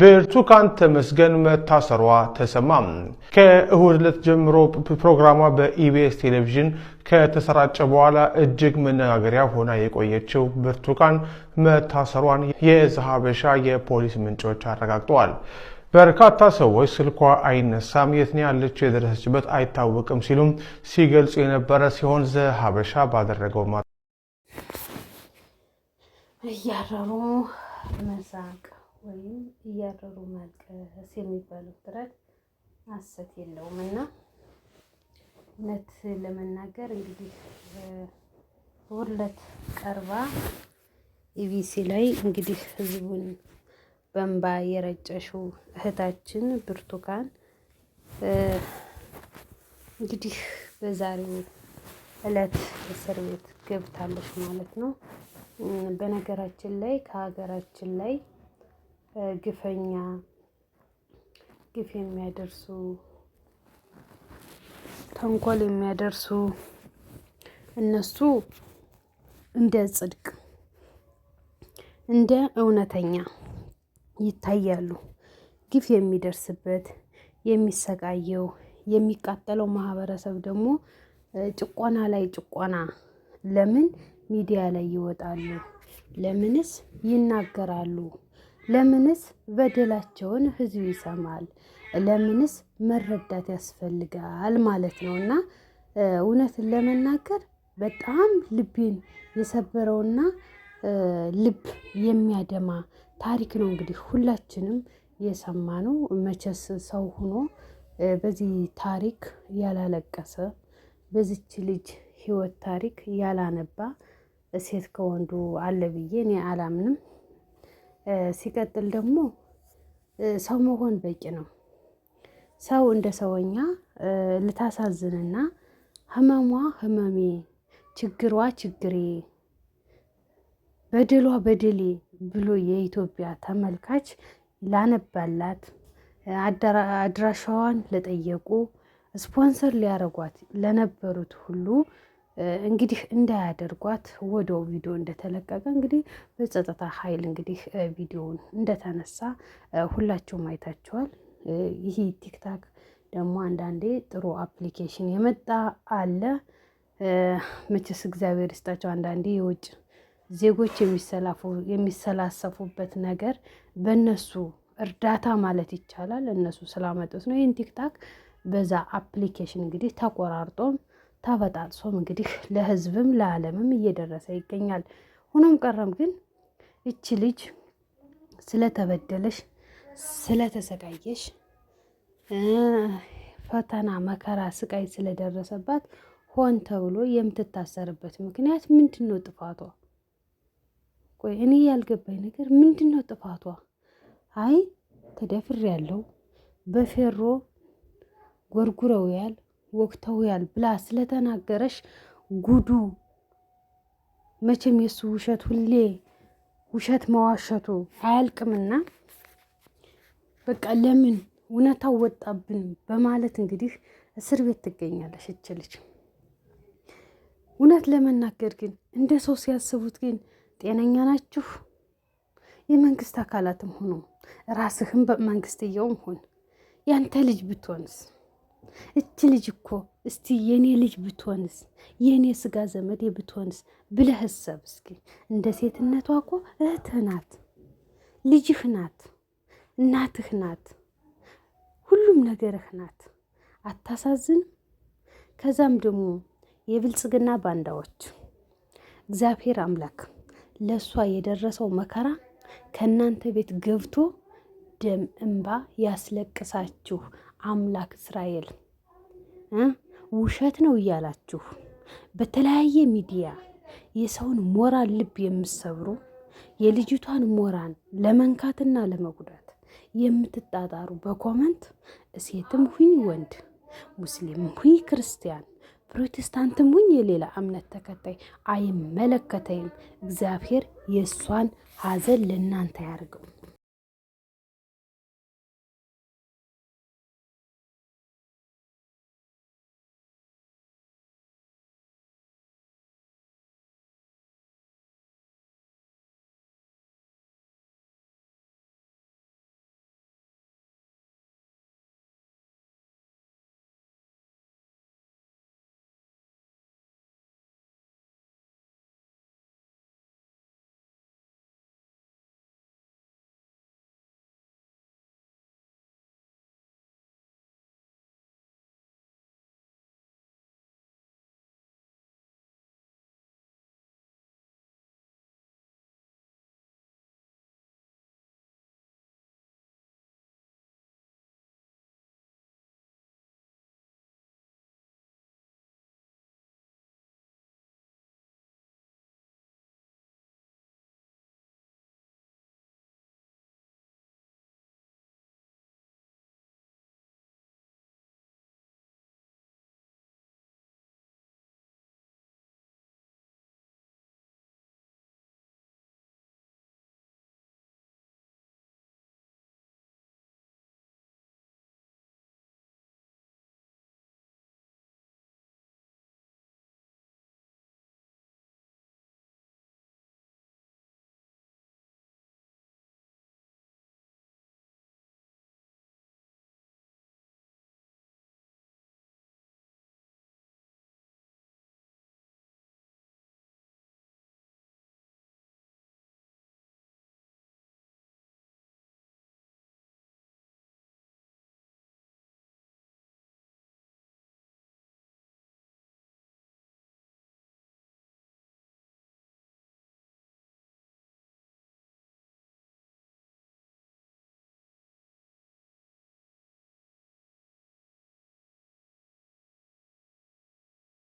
ብርቱካን ተመስገን መታሰሯ ተሰማ። ከእሁድ ዕለት ጀምሮ ፕሮግራሟ በኢቢኤስ ቴሌቪዥን ከተሰራጨ በኋላ እጅግ መነጋገሪያ ሆና የቆየችው ብርቱካን መታሰሯን የዛሀበሻ የፖሊስ ምንጮች አረጋግጠዋል። በርካታ ሰዎች ስልኳ አይነሳም፣ የት ነው ያለችው፣ የደረሰችበት አይታወቅም ሲሉም ሲገልጹ የነበረ ሲሆን ዘሀበሻ ባደረገው ማ እያረሩ መዛቅ ወይም እያረሩ ማልቀስ የሚባለው ጥረት ሐሰት የለውም እና እውነት ለመናገር እንግዲህ ሁለት ቀርባ ኢቢሲ ላይ እንግዲህ ህዝቡን በንባ የረጨሽው እህታችን ብርቱካን እንግዲህ በዛሬው እለት እስር ቤት ገብታለች ማለት ነው። በነገራችን ላይ ከሀገራችን ላይ ግፈኛ፣ ግፍ የሚያደርሱ፣ ተንኮል የሚያደርሱ እነሱ እንደ ጽድቅ እንደ እውነተኛ ይታያሉ። ግፍ የሚደርስበት የሚሰቃየው የሚቃጠለው ማህበረሰብ ደግሞ ጭቆና ላይ ጭቆና። ለምን ሚዲያ ላይ ይወጣሉ? ለምንስ ይናገራሉ? ለምንስ በደላቸውን ህዝብ ይሰማል? ለምንስ መረዳት ያስፈልጋል ማለት ነው። እና እውነትን ለመናገር በጣም ልቤን የሰበረውና ልብ የሚያደማ ታሪክ ነው። እንግዲህ ሁላችንም የሰማነው መቼስ ሰው ሆኖ በዚህ ታሪክ ያላለቀሰ በዚች ልጅ ህይወት ታሪክ ያላነባ ሴት ከወንዱ አለ ብዬ እኔ አላምንም። ሲቀጥል ደግሞ ሰው መሆን በቂ ነው። ሰው እንደ ሰውኛ ልታሳዝንና ህመሟ ህመሜ፣ ችግሯ ችግሬ፣ በደሏ በደሌ ብሎ የኢትዮጵያ ተመልካች ላነባላት፣ አድራሻዋን ለጠየቁ፣ ስፖንሰር ሊያረጓት ለነበሩት ሁሉ እንግዲህ እንዳያደርጓት ወደው ቪዲዮ እንደተለቀቀ እንግዲህ በጸጥታ ኃይል እንግዲህ ቪዲዮውን እንደተነሳ ሁላችሁም አይታችኋል። ይህ ቲክታክ ደግሞ አንዳንዴ ጥሩ አፕሊኬሽን የመጣ አለ። መቼስ እግዚአብሔር ይስጣቸው። አንዳንዴ የውጭ ዜጎች የሚሰላሰፉበት ነገር በእነሱ እርዳታ ማለት ይቻላል እነሱ ስላመጡት ነው። ይህን ቲክታክ በዛ አፕሊኬሽን እንግዲህ ተቆራርጦም ተበጣጥሶም እንግዲህ ለህዝብም ለዓለምም እየደረሰ ይገኛል። ሆኖም ቀረም ግን እቺ ልጅ ስለተበደለሽ፣ ስለተሰቃየሽ፣ ፈተና፣ መከራ፣ ስቃይ ስለደረሰባት ሆን ተብሎ የምትታሰርበት ምክንያት ምንድን ነው? ጥፋቷ ቆይ እኔ ያልገባኝ ነገር ምንድን ነው ጥፋቷ? አይ ተደፍሬያለሁ፣ በፌሮ ጎርጉረውያል ወግተውያል ብላ ስለተናገረሽ ጉዱ መቼም የሱ ውሸት ሁሌ ውሸት መዋሸቱ አያልቅምና በቃ ለምን እውነታው ወጣብን በማለት እንግዲህ እስር ቤት ትገኛለሽ እችልች። እውነት ለመናገር ግን እንደ ሰው ሲያስቡት ግን ጤነኛ ናችሁ? የመንግስት አካላትም ሆኖ ራስህም በመንግስትየውም ሆን ያንተ ልጅ ብትሆንስ እች ልጅ እኮ እስቲ የኔ ልጅ ብትሆንስ የኔ ስጋ ዘመዴ ብትሆንስ ብለህ ሰብ እስኪ እንደ ሴትነቷ እኮ እህትህ ናት፣ ልጅህ ናት፣ እናትህ ናት፣ ሁሉም ነገርህ ናት። አታሳዝንም? ከዛም ደግሞ የብልጽግና ባንዳዎች እግዚአብሔር አምላክ ለእሷ የደረሰው መከራ ከእናንተ ቤት ገብቶ ደም እንባ ያስለቅሳችሁ አምላክ እስራኤል ውሸት ነው እያላችሁ በተለያየ ሚዲያ የሰውን ሞራል ልብ የምትሰብሩ የልጅቷን ሞራል ለመንካትና ለመጉዳት የምትጣጣሩ በኮመንት እሴትም ሁኝ ወንድ፣ ሙስሊም ሁኝ ክርስቲያን፣ ፕሮቴስታንትም ሁኝ የሌላ እምነት ተከታይ አይመለከተኝም፣ እግዚአብሔር የእሷን ሀዘን ለእናንተ ያደርገው።